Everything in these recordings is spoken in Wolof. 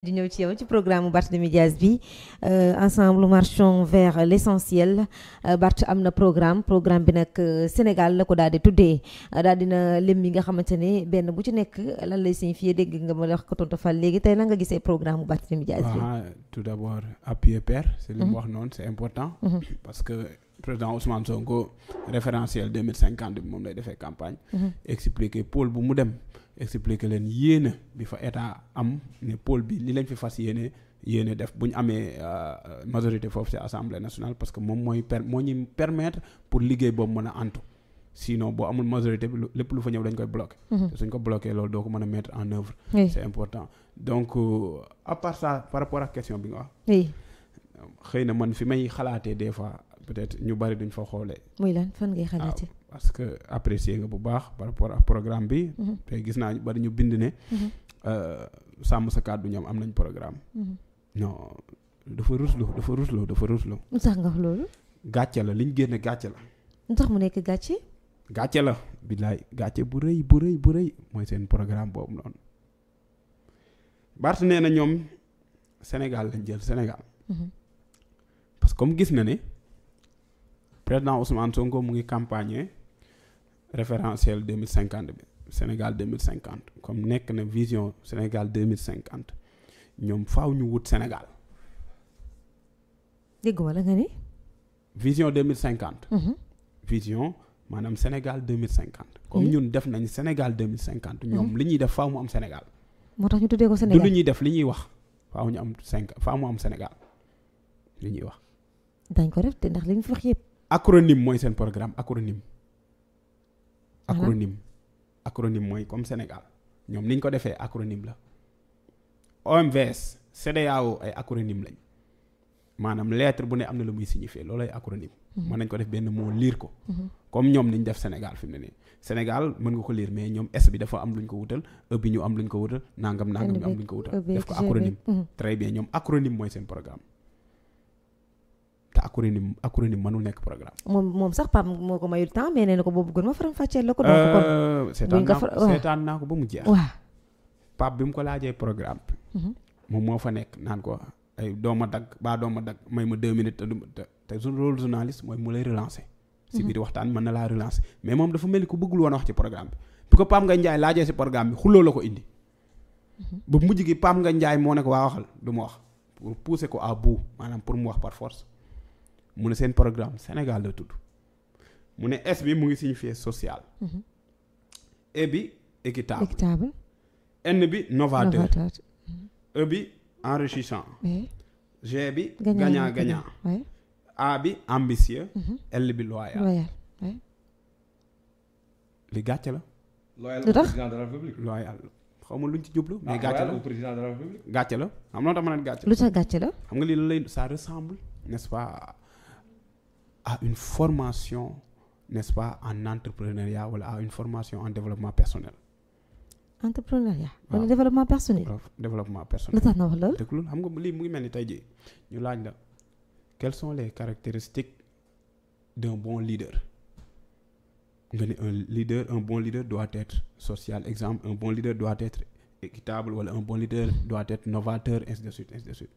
di ñëw ci yow ci programme Barthélémy Dias bi euh, ensemble marchons vers l'essentiel euh, Barth am na programme programme bi nag euh, Sénégal la ko daal di tuddee daal dina lim yi nga xamante ne benn bu ci nekk lan lay signifier dégg nga ma wax ko tontu Fall léegi tey nanga gisee programme Barthélémy Dias bi. tout d'abord appuyer père. c'est li mu mhm. wax noonu c'est important. Mhm. parce que président Ousmane Sonko référentiel deux mille cinquante bi moom lay defee campagne. Mhm. expliquer pôle bu mu dem expliquer leen yéene bi fa état am ne pôle bi li lañ fi fas yéene yéene def bu amee euh, euh, majorité foofu ci assemblée nationale parce que moom mooy permettre pour liggéey boobu mën a antu sinon boo amul majorité bi lépp lu fa ñëw dañ koy bloqué. Mhm. te suñ ko bloqué loolu doo ko mën a mettre en œuvre. c'est important donc euh, à par rapport ak question peut-être ñu bari duñ fa xoolee. muy lan fan ngay xalaatee. Ah, parce que apprécier nga bu baax par rapport ak programme bi. Mhm. te gis naa ñu bari ñu bind ne. Mhm. Euh, sàmm sa kàddu ñoom am nañ programme. Mhm. non dafa rusloo dafa rusloo dafa rusloo. lu tax nga wax loolu. gàcce la liñ génne gàcce la. lu tax mu nekk gàcce. gàcce la billaay gàcce bu rëy bu rëy bu rëy mooy seen programme boobu noonu. Barth nee na ñoom Sénégal lañ jël Sénégal. parce que comme gis na ne. président Ousmane Sonko mu ngi campagne référentiel deux mille cinquante bi Sénégal deux mille cinquante comme nekk na vision Sénégal deux mille cinquante ñoom faaw ñu wut Sénégal. dégg wala nga ni. vision deux mille cinquante. Mhm. maanaam Sénégal deux mille cinquante. comme mhm. ñun def nañ Sénégal deux cinquante. ñoom mhm. li ñuy def faaw mu am Sénégal. moo tax ñu tuddee ko Sénégal ñuy def li ñuy wax faaw ñu am cinq faaw mu am Sénégal li ñuy wax. dañ ko def te ndax li ñu fi wax acronyme mooy seen programme acronyme mhm. acronyme acronyme mooy comme Sénégal ñoom niñ ko defee acronyme la OMVS CEDEAO ay acronyme lañ maanaam lettre bu ne am na lu muy signifier loolu ay acronyme mhm. mën nañ ko def benn moo lire ko mhm. comme ñoom niñ def Sénégal fi mu ne senegal Sénégal mën nga ko liir mais ñoom S bi dafa am luñ ko wutal E ñu am luñ ko wutal nangam nangam ñu am luñ ko wutal e def ko acronyme très bien ñoom acronyme mooy seen programme te acronyme acronyme mënul nekk programme. moom moom sax Pape moo ko mayul temps mais nee ko boo bëggoon ma faram fàcceel la ko. Euh, donc kon seetaan naa ko seetaan naa ko ba mu jeex. waaw Pape bi mu ko laajee programme bi. Mhm. moom moo fa nekk dagg ma deux minutes mhm. mais moom dafa mel ni ku bëggul woon wax ci programme bi. bu ko Pape Ngagne Ndiaye laajee si programme bi xulloo la ko indi. Mhm. ba mujj gi Pape Ngagne Ndiaye moo ne waa waxal du wax pour ko à maanaam pour mu wax par force. mu ne seen programme Sénégal la tudd mu ne S bi mu ngi signifier social. Mhm. E bi équitable. équitable. bi novateur. E bi enrichissant. G bi. gagnant gagnant A bi ambitieux. Mhm. L bi loyal. li gàcce la. loyal au président de la xaw ma luñ ci jublu. Ah, la président de la République. la xam nga tax ma ne gàcce. lu tax gàcce la. xam nga lii lay ça ressemble nest pas à une formation n'est-ce pas en entrepreneuriat wala à une formation en développement personnel. entrepreneuriat. wala développement personnel. développement personnel. lu tax na wax loolu. déglu xam nga lii mu ngi mel ni tey jii ñu laaj la quelles sont les caractéristiques d'un bon leader. nga ne un leader un bon leader doit être social exemple un bon leader doit être équitable wala un bon leader doit être novateur ainsi de suite ainsi de suite.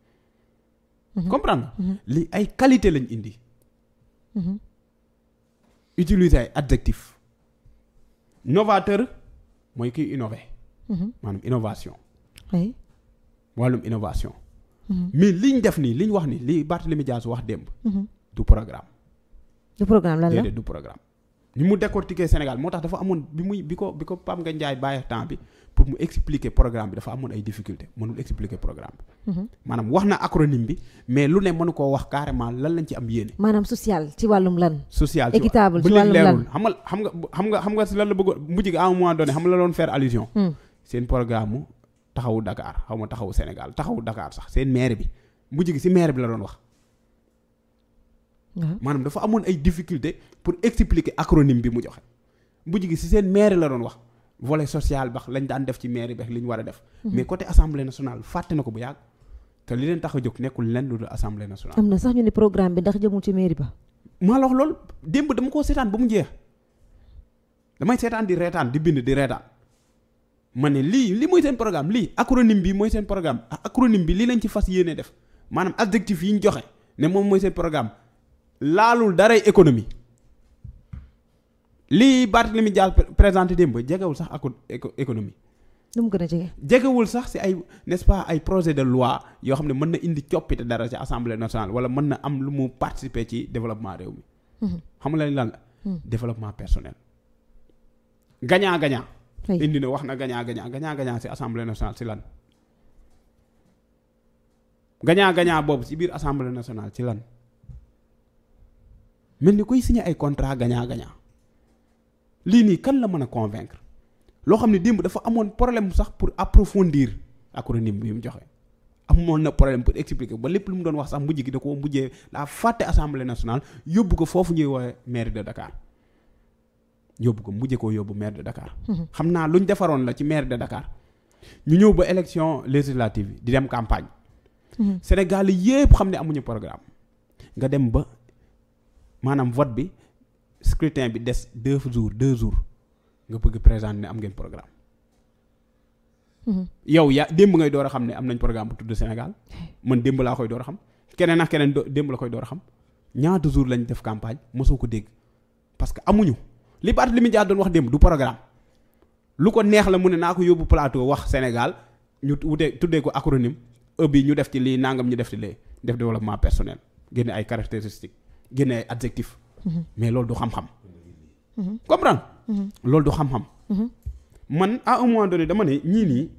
Mm-hmm. comprendre mm-hmm. li ay qualité lañ indi. Mm-hmm. utiliser ay adjectif novateur mooy kiy innover. Mm-hmm. maanaam innovation. oui wàllum innovation. Mm-hmm. mais liñ def nii liñ wax nii li Barthélémy Dias wax démb. du programme. du programme lan ni mu décortiquer Sénégal moo tax dafa amoon bi muy bi ko bi ko Pape Ngagne Ndiaye bàyyi temps bi pour mu expliquer programme bi dafa amoon ay difficulté mënul expliquer programme mhm. maanaam wax na acronyme bi mais lu ne mënu ko wax carrément lan lañ ci am yéene. maanaam social ci wàllum lan. social ci équitable ci wàllum lan xam nga xam nga xam nga si lan la bëgg mujj gi à un xam nga la doon faire allusion. Hmm. seen programme taxawu Dakar xaw ma taxawu Sénégal taxawu Dakar sax seen maire bi mujj gi si maire bi la wax. maanaam dafa amoon ay difficulté pour expliquer acronyme bi mu joxe bu gi si seen maire la doon wax vole social bax lañ daan def ci mair bax li ñu war a def mhm. mais côté assemblée nationale fàtte ko bu yàgg te li leen tax a nekkul lenn lu dul assemblée nationale am na sax ñu ne programme bi maa la wax loolu démb dama koo seetaan ba mu jeex damay seetaan di reetaan di bind di reetaan ma ne lii lii mooy seen programme lii acronyme bi mooy seen programme acronyme bi lii lañ ci fas yéene def maanaam adjectif yi ñu joxe ne moom mooy seen programme laalul daray économie lii Barthélemy jaal présenté démb jegewul sax ak économie. nu mu gën a jege. jegewul sax si ay n'est-ce pas ay projet de loi yoo xam ne mën na indi coppite dara si assemblée nationale wala mën na am lu mu participer ci développement réew mi. Mhm. xam nga lan la. Mhm. développement personnel. gagnant gagnant. indi na wax na gagnant gagnant gañaa gagnant si assemblée nationale si lan. gagnant gagnant boobu si biir assemblée nationale ci lan. mel ni koy signé ay contrat gagnant gagnant lii nii kan la mën a convaincre loo xam ne démb dafa amoon problème sax pour approfondir acronyme bi mu joxe amoon na problème pour expliquer ba lépp lu mu doon wax sax mujj gi da ko mujjee daa fàtte assemblée nationale yóbbu ko foofu ñuy woowee maire de Dakar yóbbu ko mujjee koo yóbbu maire de Dakar. Mhm. xam naa luñ defaroon la ci maire de Dakar ñu ñëw ba élection législative di dem campagne. Mhm. Sénégal yépp xam amuñu programme nga dem ba. maanaam vote bi scrutin bi des deux jours deux jours nga bëgg présenter ni am ngeen programme. Mhm. yow yaa démb ngay door a xam ne am nañ programme bu tudd Sénégal man démb laa koy door a xam keneen ak keneen démb la koy door a xam ñaata jours lañ def campagne mosoo ko dégg parce que amuñu li baat li mu jaar doon wax démb du programme lu ko neex la mu ne naa ko yóbbu plateau wax Sénégal ñu wutee tuddee ko acronyme e bi ñu def ci lii nangam ñu def ci lee def développement personnel génne ay caractéristiques génne adjectif mhm. mais loolu du xam-xam mhm. comprendre mhm. loolu du xam-xam man à un moment donné dama ne ñii nii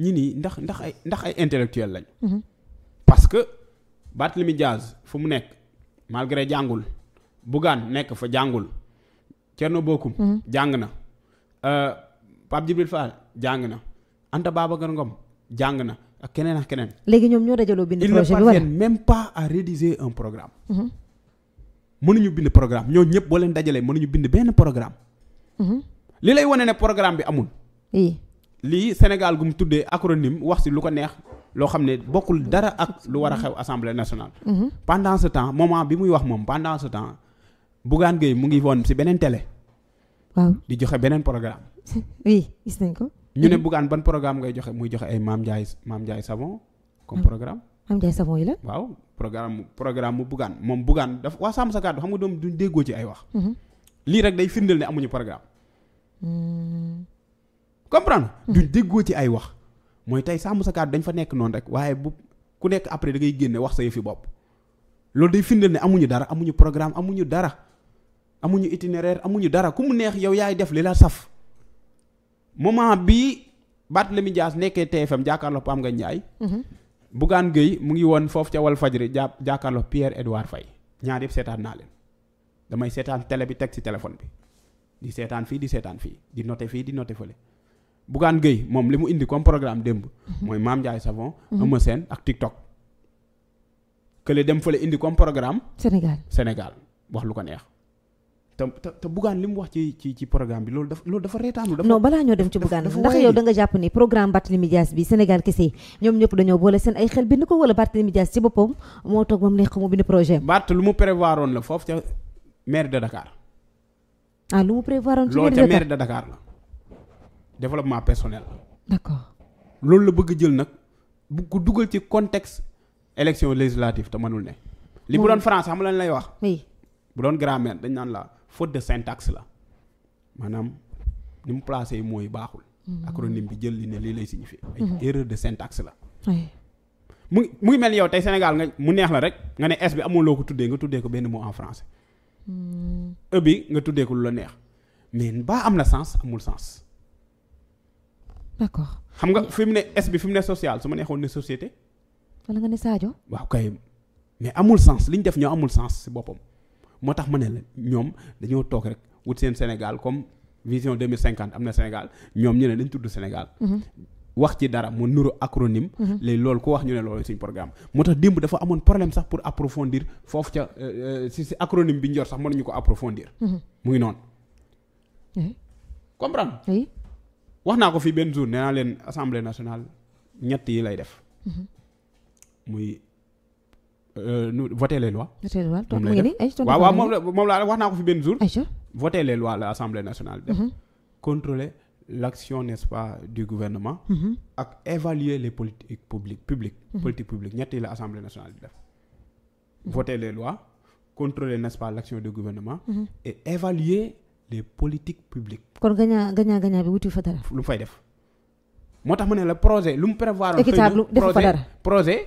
ñii nii ndax ndax ay ndax ay intellectuel lañ parce que Barthélemy Diaz fu mu nekk malgré jàngul Bougane nekk fa jàngul Thierno Bocoum jàng na euh, Pape Djibril Fall jàng na Anta Babacar Ngom jàng na ak keneen ak keneen léegi ñoom ñoo dajaloo bind projet bi même pas à rédiger un programme mën mënuñu bind programme ñoo ñëpp boo leen dajalee mënuñu bind benn programme. Mhm. li lay wane ne programme bi amul. lii Sénégal gu mu tuddee acronyme wax si lu ko neex loo xam ne bokkul dara ak lu war a xew assemblée nationale. Mhm. pendant ce temps moment bi muy wax moom pendant ce temps Bougane Gueye mu ngi woon si beneen télé. waaw di joxe beneen programme. oui ñu ne Bougane ban programme ngay joxe muy joxe ay Maam Ndiaye Maam Ndiaye Savon comme mhm. programme. Mame Ndiaye Savon yi waaw programme programme mu Bougane moom Bougane dafa waa Sàmm sa kàddu xam nga doom duñ déggoo ci ay wax. Mm-hmm. lii rek day firndeel ne amuñu programme. Mm-hmm. comprendre mm-hmm. déggoo ci ay wax mooy tey Sàmm sa dañ fa nekk noonu rek waaye bu ku nekk après da ngay génne wax sa yëfi bopp. loolu day firndeel ni amuñu dara amuñu programme amuñu dara amuñu itinéraire amuñu dara ku mu neex yow yaay def li la saf bi baat Barthélémy Dias nekkee TFM jàkkaarloo Pape Ngagne Ndiaye. Bougane géey mu ngi woon foofu ca wal fajri jàpp jàkkaarloo Pierre Edouard Faye ñaar yëpp seetaan naa leen damay seetaan télé bi teg ci téléphone bi di seetaan fii di seetaan fii di noté fii di noté fële Bougane géey moom li mu indi comme programme démb mooy Mame Ndiaye Savon mhm. Eumeu seen ak TikTok kële dem fële indi comme programme Sénégal Sénégal wax lu ko neex te te Bougane li mu wax ci ci ci programme bi loolu dafa loolu dafa reetaanu dafa non balaa ñoo dem ci Bougane ndax yow da nga jàpp ni programme Barthélémy Dias bi Sénégal kese ñoom ñëpp dañoo boole seen ay ko wala Barthélémy Dias ci boppam moo toog moom neex ko mu bind projet Bart lu mu prévoir woon la foofu ca maire de Dakar ah, lu mu prévoir woon ci loolu ca maire de Dakar la développement personnel la loolu la bëgg jël nag bu dugal ci contexte élection législative te manul ne li mu doon France xam lan lay wax bu doon grand dañ naan la faute de syntaxe la maanaam ni mu placé mooy baaxul. Mm-hmm. acronyme bi jël li ne lii lay signifier. ay mm-hmm. erreur de syntaxe la. mu ngi mu tey Sénégal nga mu neex la rek nga ne S bi ko tuddee tuddee ko benn mot en mm-hmm. e nga tuddee la neex mais baa am na sens amul sens. d'accord xam nga fi mu fi mu ne social su ma neexoon ne société. wala nga ne Sadio. waaw kay mais amul sens li ñu def ñoo amul sens ci boppam. moo tax ma ne la ñoom dañoo toog rek wut seen Sénégal comme vision de 2050 am na Sénégal ñoom ñu ne dañu tudd Sénégal. Mhm. wax ci dara mu nuru acronyme. Mhm. léegi lool ko wax ñu ne loolu suñ programme moo tax démb dafa amoon problème sax pour approfondir foofu ca euh, euh, si si acronyme bi ñu yor sax mënuñu ko approfondir. Mhm. mu ngi noonu. comprendre. wax naa ko fi benn jour nee naa leen assemblée nationale ñett yi lay def. Euh, nu voter les lois. voter les lois donc mu ngi nii ay waaw waaw moom la moom laa wax naa ko fi benn jour. voter les lois la assemblée nationale. def mhm. contrôler l' action n' est ce pas du gouvernement. Mhm. ak évaluer les politiques publiques publiques. Mhm. politique publique ñett yi la assemblée nationale di def. voter les lois contrôler n' est ce pas l' action du gouvernement. et évaluer les politiques publiques. kon gagnant gagnant gagnant bi wuti fa dara. lu mu fay def moo tax ma ne la projet lu mu prévoir. équitable defu fa dara projet.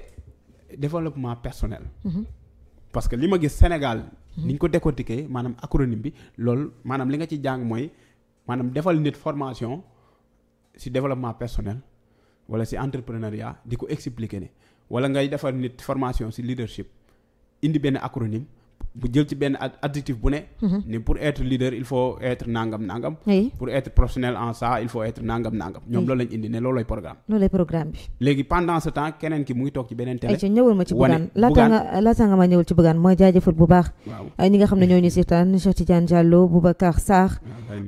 développement personnel. Mm-hmm. parce que li ma gis Sénégal. Mm-hmm. ni ko décortiquer maanaam acronyme bi loolu maanaam li nga ci jàng mooy maanaam defal nit formation si développement personnel walla si entrepreneuriat di ko expliquer ne walla ngay defal nit formation ci leadership indi benn acronyme. bu jël ci benn adjectif bu mhm. ne pour être leader il faut être nangam nangam pour être professionnel en ça il faut être nangam nangam ñoom loolu lañ indi ne loolooy programme loolooy programme bi léegi pendant ce temps keneen ki mu ngi toog ci beneen télé ñëwal ma ci bugaan laata nga laata nga ma ñëwal ci bugaan mooy jaajëfal bu baax ñi nga xam ne ñoo ñu seetaan Cheikh Tidiane Diallo Boubacar Sarr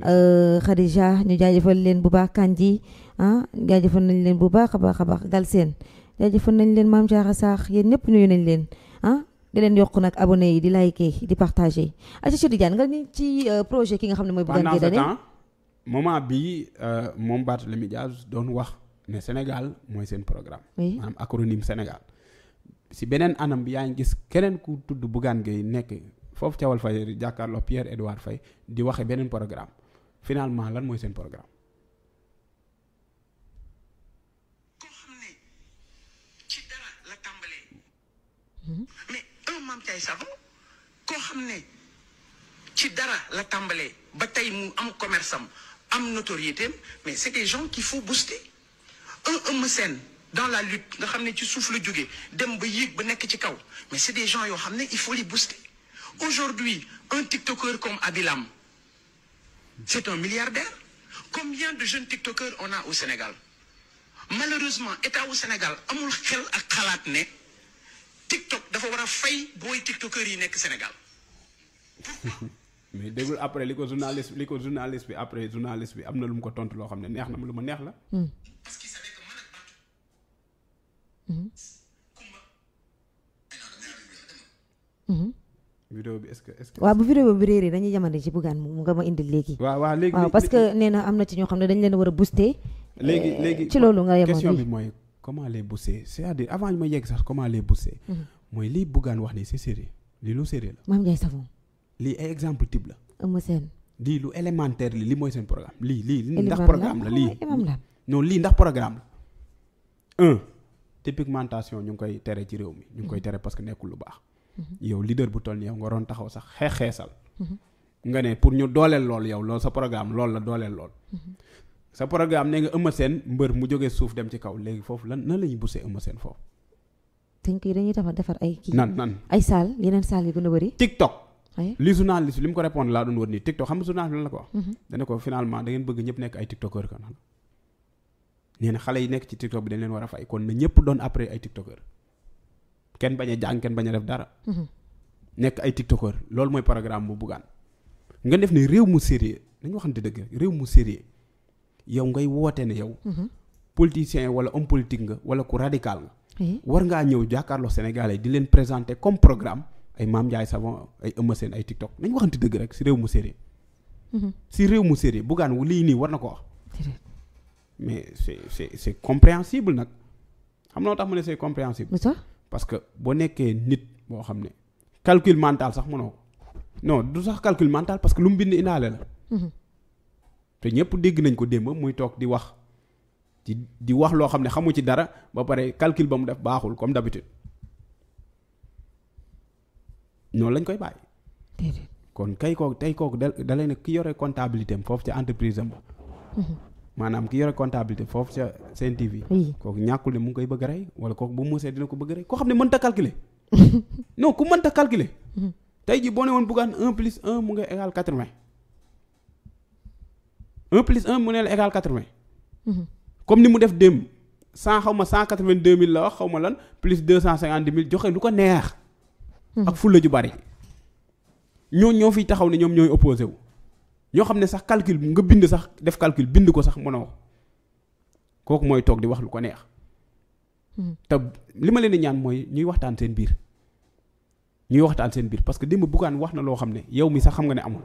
euh, Khadija ñu jaajëfal leen bu baax Kandji ah jaajëfal nañ leen bu baax a baax a baax dal seen jaajëfal nañ leen maam Diarra Sarr yéen ñëpp nuyu nañ leen ah di leen yokk nag abonné yi di liker di partager aca Cheikh Tidiane nga ni ci euh, projet ki nga xam ne mooy Bougane Gueye Dany pendant ce temps moment bi euh, moom Barthélémy Dias doon wax ne Sénégal mooy seen programme maanaam acronyme Sénégal si beneen anam bi yaa ngi gis keneen ku tudd Bougane Gueye nekk foofu ca Walfadjri jàkkaarloo Pierre Edouard Faye di waxe beneen programme finalement lan mooy seen programme maam Thiaye koo xam ne ci dara la tàmbalee ba tey mu am commerce am am notoriété mais c'est des gens qu'il faut booster un Eumeu Sène dans la lutte nga xam ne ci suuf la jóge dem ba yéeg ba nekk ci kaw mais c'est des gens yoo xam ne il faut les booster aujourd'hui un tiktoker comme Abilam c'est un milliardaire combien de jeunes tiktokers on a au Sénégal malheureusement état au Sénégal amul xel ak xalaat ne TikTok dafa war a fay booy tiktokeur yi nekk Sénégal. mais déggul après li ko journaliste bi après journaliste bi am na lu mu ko tontu loo xam ne neex na ma lu ma neex la. Hmm. parce que hmm. Hmm. vidéo bi est-ce que est-ce que. waaw bu vidéo bi réeré dañuy yamane ci Bougane mu nga ma indil léegi. waaw waaw léegi parce am na ci ñoo xam ne dañ leen war a booster. léegi euh, léegi ci loolu nga yemoon mooy comment les booster c'est-à-dire avant ma yegg sax comment bu se mhm. mooy lii Bougane wax ni si sérieux lii lu sérieux la. Mame Ndiaye Savon. lii ay exemple type la. am seen. lii lu élémentaire li lii mooy seen programme lii lii. ndax programme la lii ah, non lii ndax programme la. un te ñu ngi koy tere ci réew mi ñu ngi koy mhm. tere parce que nekkul lu baax. Mhm. yow leader bu toll nii yow nga doon taxaw sax xeex xeesal. nga ne pour ñu dooleel lool yow loolu sa programme loolu la dooleel lool. sa programme nee nga Eumeu Sène mbër mu jógee suuf dem ci kaw léegi foofu lan nan la ñuy bussee Eumeu Sène te dañ koy dañuy defar defar ay. kii nan nan ay saal yeneen saal yu gën a bëri. TikTok. li journaliste li mu ko répondre laa doon wër nii TikTok xam nga journaliste lan la ko wax. Mhm. dana ko finalement da bëgg ñëpp nekk ay tiktokeur kan. nee na xale yi nekk ci tiktok bi dañ war a fay kon na ñëpp doon après ay tiktokeur kenn bañ a jàng kenn bañ a def dara. Mhm. nekk ay tiktokeur loolu mooy programme bu buggaan nga def ne réew mu sérieux dañu waxante dëgg réew mu sérieux yow ngay woote ne yow. Mhm. politicien wala homme politique nga wala ku radical nga. war ngaa ñëw jàkkaarloo Sénégalais di leen présenté comme programme ay Mame Ndiaye Savon ay Eumeu Sène ay TikTok nañ waxante dëgg rek si réew mu sérieux. Mhm. si réew mu sérieux Bougane lii nii war na ko wax. mais c'est c'est c'est compréhensible nag xam noo tax mu ne c'est compréhensible. parce que boo nekkee nit boo xam ne calcul mental sax mënoo ko non du sax calcul mental parce que lu mu bind indaale te ñëpp dégg nañ ko démb muy toog di wax di di wax loo xam ne xamu ci dara ba pare calcul ba mu def baaxul comme d'habitude noonu lañ koy bàyyi. kon kay kook tey kooku da da lay ne ki yore comptabilité foofu ca entreprise am. Mhm. maanaam ki yore comptabilité foofu ca Sen TV. kooku ñàkkul ne mu ngi koy bëgg a rey wala kooku bu muusee dina ko bëgg a rey koo xam ne mënta calculer. non ku mënta calculer. Mhm. tey jii boo ne woon buggaan un plus un mu ngi égal quatre 1 plus 1 mu ne la égal 80. Mhm. comme ni mu def dém cent xaw ma cent quatre vingt deux mille la wax xaw ma lan plus deux cent cinquante mille joxe lu ko neex. Mhm. ak fulla ju bari. ñoo ñoo fiy taxaw ne ñoom ñooy opposé wu. ñoo xam ne sax calcul nga bind sax def calcul bind ko sax mënoo kooku mooy toog di wax lu ko neex. Mhm. te li ma leen di ñaan mooy ñuy waxtaan seen biir. ñuy waxtaan seen biir parce que démb Bougane wax na loo xam ne yow mi sax xam nga ne amul.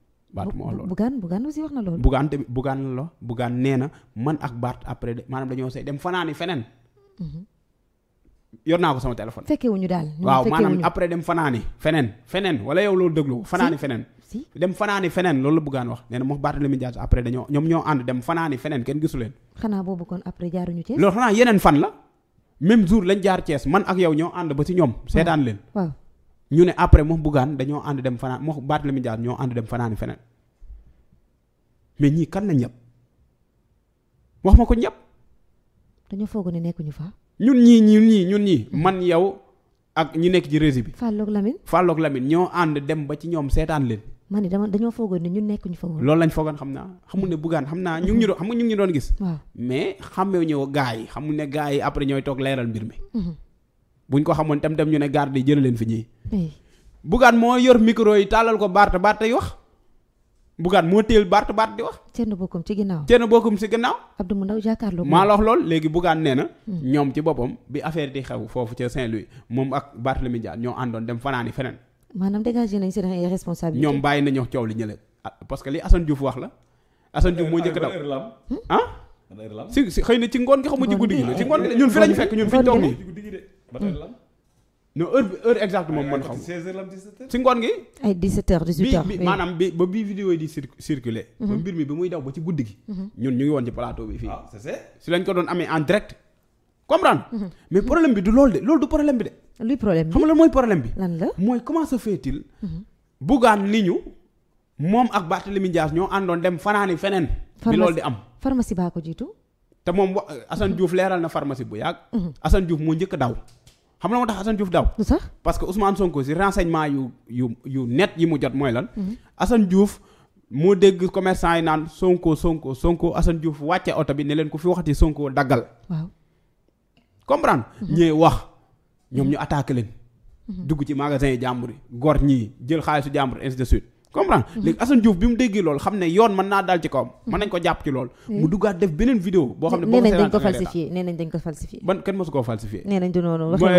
Baart moo loolu Bougane Bougane aussi wax na loolu. Bougane tamit Bougane la Bougane nee na man ak Baart après maanaam dañoo sey dem fanaani feneen. Mhm. yor naa ko sama téléphone. fekke wuñu daal waaw maanaam après dem fanaani feneen feneen wala yow loolu déglu fanaani feneen. si dem fanaani feneen loolu la Bougane wax nee na après dañoo ñoom ñoo ànd dem fanaani feneen kenn gisu leen. xanaa boobu kon après jaaruñu Thiès. loolu xanaa yeneen fan la même jour lañ jaar Thiès man ak yow ñoo ànd ba si ñoom. seetaan leen ñu ne après moom Bougane dañoo ànd dem fanaan moom Barthélémy Dias ñoo ànd dem fanaani feneen mais ñii kan la ñëpp wax ma ko ñëpp. dañoo foog ne nekkuñu fa. ñun ñii ñun ñii ñun ñii man yow ak ñu nekk ci rési bi. Fallouk Lamine Fallouk Lamine ñoo ànd dem ba ci ñoom seetaan leen. man dama dañoo foogoon ni ñun nekkuñu fa woon. loolu lañ foogoon xam naa xamul ne Bougane xam naa ñu ngi ñu doon xam nga ñu doon gis. waaw mais xamee ñëw gaa yi xamul ne gaa yi après ñooy toog leeral mbir mi. Mhm. buñ ko xamoon tam tam ñu ne garde yi jëlee leen fi ñii. bugaan moo yor micro yi tàllal ko Barth Barth yi wax. bugaan moo téel Barth Barth di wax. Thierno Bocoum ci ci ginnaaw. maa la lool léegi bugaan nee na. ñoom ci boppam bi affaire di xew foofu ca Saint-Louis moom ak Barthélémy Dias ñoo àndoon dem fanaani feneen. ñoom bàyyi nañu coow li ñële parce que li Assane Diouf wax la. Assane Diouf moo njëkk daw ah. si xëy na ci ngoon gi xamu ci guddi gi la ci ngoon ba tey lan. non heure bi heure exacte moom mën xam. 16 ngoon ngi ay 17h 18 maanaam bi ba bii vidéo yi di circuler mhm. ba mbir mi ba muy daw ba ci guddi gi. Mhm. ñun ñu ngi woon ci plateau bi fii. waaw ah, c'est lañ ko doon amee en direct. comprendre. Mhm. mais problème bi du lool de loolu du problème bi de. luy problème bi xam nga mooy problème bi. lan la mooy comment se fait-il. Bougane ni ñu. moom ak Barthélémy Dias ñoo àndoon dem fanaani feneen. loolu am pharmacie baa ko jiitu. te moom wa Assane Diouf leeral na pharmacie bu yàgg. Assane Diouf moo njëkk daw. xam la moo tax Assane Diouf daw. parce que Ousmane Sonko si renseignement yu yu yu net yi mu jot mooy lan. Mhm. Assane Diouf moo dégg commerçant yi naan Sonko Sonko Sonko Assane Diouf wàcce oto bi ne leen ku fi waxati sonkoo daggal. waaw comprendre. Mhm. ñee wax ñoom ñu attaqué leen. Mhm. dugg ci magasin yi jàmbur yi gor ñi jël xaalisu jàmbur ainsi de suite. comprends mhm. léegi Assane Diouf bi mu déggee lool xam ne yoon mën naa daal ci kawam mhm. mën nañ ko jàpp ci lool mu duggaat def beneen vidéo boo xam ne nee nañ dañ ko falsifié nee nañ dañ ko falsifié ban kenn mosu koo falsifié nee nañ du noonu wax nañ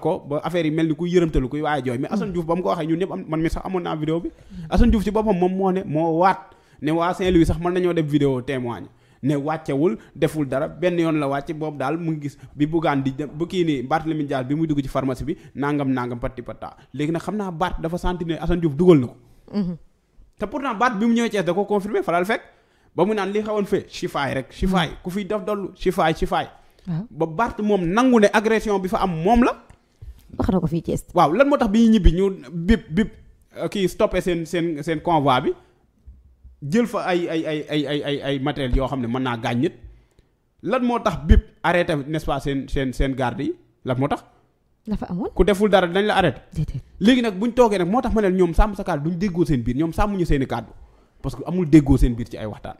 ko ba affaire yi ni kuy yërëmtalu kuy waaye jooy mais Assane mhm. ko waxee ñun ñëpp am man mi sax amoon naa vidéo bi Assane Diouf ci boppam moom moo ne moo waat ne waa Saint-Louis sax mën nañoo def vidéo témoigne ne wàccewul deful dara benn yoon la wàcc boobu daal mu ngi gis bi buggaan di dem bu kii nii Barthélémy Dias bi mu dugg ci pharmacie bi nangam nangam pati pata léegi nag xam naa Bart dafa sentir ne Assane dugal na ko mhm. te pourtant Bart bi mu ñëwee Thiès da ko confirmé falal fekk ba mu naan li xawoon fee chifaay rek chifaay mhm. ku fiy def dollu chifaay chifaay ba Bart moom nangu ne agression bi fa am moom la wax na ko fii Thiès waaw lan moo tax bi ñu ñibbi ñu bip bip kii stoppé seen seen seen convoi bi jël fa ay ay ay ay ay yoo xam ne mën naa gaañ nit lan moo tax bip arrêté n'est-ce pas seen seen seen garde yi lan moo tax. dafa amoon ku deful dara dañ la arrêté. léegi nag bu buñ toogee nag moo tax ma ne ñoom sàmm sa kàddu duñ déggoo seen biir ñoom sàmmuñu ñu seeni kàddu parce que amul déggoo seen biir ci ay waxtaan.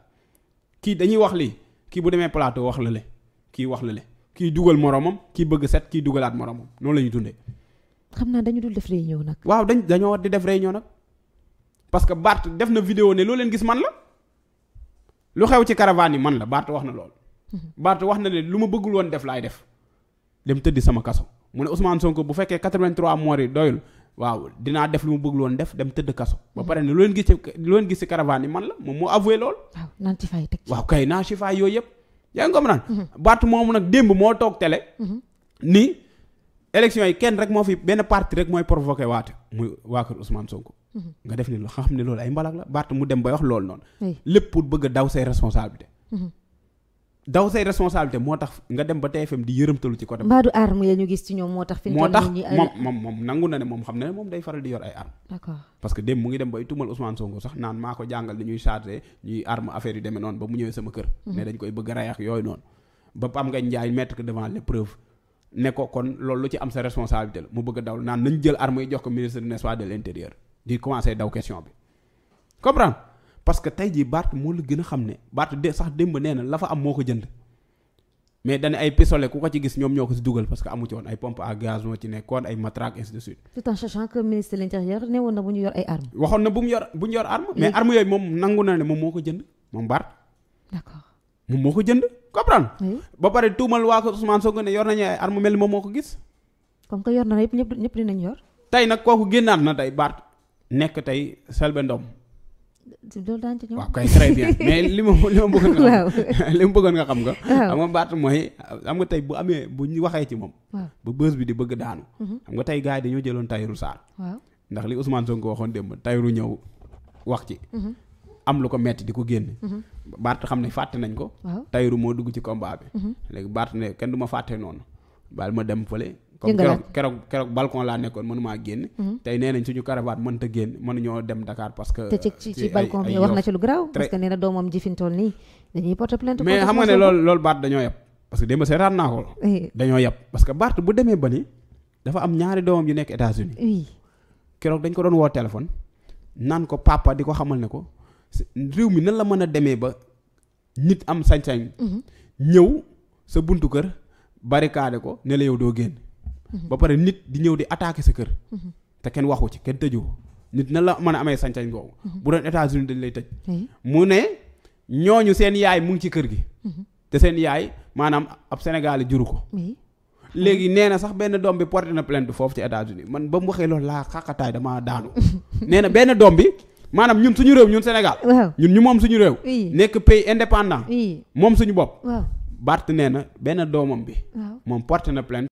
kii dañuy wax lii kii bu demee plateau wax la le kii wax la le kii dugal moromam kii bëgg set kii dugalaat moromam noonu la dundee. xam naa dañu dul def waaw dañ dañoo di def réunion nag. parce que Bart def na vidéo ne loo leen gis man la lu xew ci caravane yi man la Bart wax na lool. Bart wax na ne lu ma bëggul woon def laay def dem tëdd sama kaso mu ne Ousmane Sonko bu fekkee 83 morts yi doyul waaw dinaa def lu mu bëggul woon def dem tëdd kaso. ba pare ne lu leen gis ci lu yi man la moom moo avoué lool. waaw kay naa ci yooyu yëpp. yaa ngi comprendre. Mhm. Bart moomu nag démb moo toog télé. Mhm. ni élection yi kenn rek moo fi benn parti rek mooy provoqué waate muy waa kër Ousmane Sonko. nga def li nga xam ne loolu ay mbalaak la Barth mu dem bay wax loolu noonu. lépp bëgg a daw say responsabilité mhm. daw say responsabilité moo tax nga dem ba TFM di yërëmtalu ci côté. mbaadu arme ya ñu gis ci ñoom moo tax. fi mu moo tax euh, moom moom nangu na ne moom di yor ngi dem bay tumal Ousmane Sonko sax naan maa ko jàngal ni ñuy chargé ñuy arme affaire yu demee noonu ba mu ñëwee sama kër. Mhm. ne dañ koy bëgg a rey ak yooyu noonu. ba am nga njaay mettre que devant l'épreuve ne ko kon loolu ci am sa responsabilité la mu a di commencé daw question bi comprendre parce que tey jii Barth moo la gën a xam ne Barth de sax démb nee na la fa am moo ko jënd mais dañu ay pistolet ku gis ñoom ñoo si dugal parce que amu ci woon ay pompe à gaz moo ci nekkoon ay matraque ainsi de suite. moom nangu na moom moo ko jënd moom Barth. d'accord moom ba pare tuumal waa ko Ousmane Sonko ne yor nañu ay arme mel moom moo ko gis. que yor na yëpp ñëpp ñëpp dinañ yor. tey nag kooku génnaat na tey Barth nekk tey Selbé Ndom. loolu daañu ci ñëw waaw kay très bien mais li ma li ma bëggoon nga bëggoon nga xam nga. xam nga baat mooy xam nga tey bu amee bu ñu waxee ci moom. bu bës bi di bëgg daanu. Mhm. xam nga tey gars yi dañoo jëloon Tahirou Sarr. waaw ndax li Ousmane Sonko waxoon démb Tahirou ñëw wax ci. Mhm. am lu ko metti di ko génn mhm. Bart xam ne fàtte nañ ko Tahirou moo dugg ci combat bi léegi Bart ne kenn du fàtte noonu baal ma dem fële comme keroog keroog keroog balcon laa nekkoon mënumaa génn mhm. tey nee nañ suñu caravane mënta génn mënuñoo dem Dakar parce que te ci ci balcon bi wax na ci lu garaaw parce que nee na doomam ji nii dañuy porter plainte parce que démb seetaan naa ko dañoo yab parce que bu demee ba ni dafa am ñaari doomam yi nekk États-Unis keroog dañ ko doon woo téléphone naan ko papa di ko xamal ne ko réew mi nan la mën a demee ba nit am sañ-sañ mhm. ñëw sa buntu kër barricade ko ne la yow doo génn ba pare nit di ñëw di attaquer sa kër. te kenn waxu ci kenn tëju nit na la mën a amee sañ-sañ googu. bu doon États-Unis dañ lay tëj. mu ne ñooñu seen yaay mu ngi ci kër gi. te seen yaay maanaam ab Sénégal juru ko. léegi nee na sax benn doom bi porté na plainte foofu ci États-Unis man ba mu waxee loolu laa xàqataay damaa daanu. nee na benn doom bi maanaam ñun suñu réew ñun Sénégal. ñun ñu moom suñu réew. nekk pays indépendant. moom suñu bopp. Bart nee na benn doo bi. moom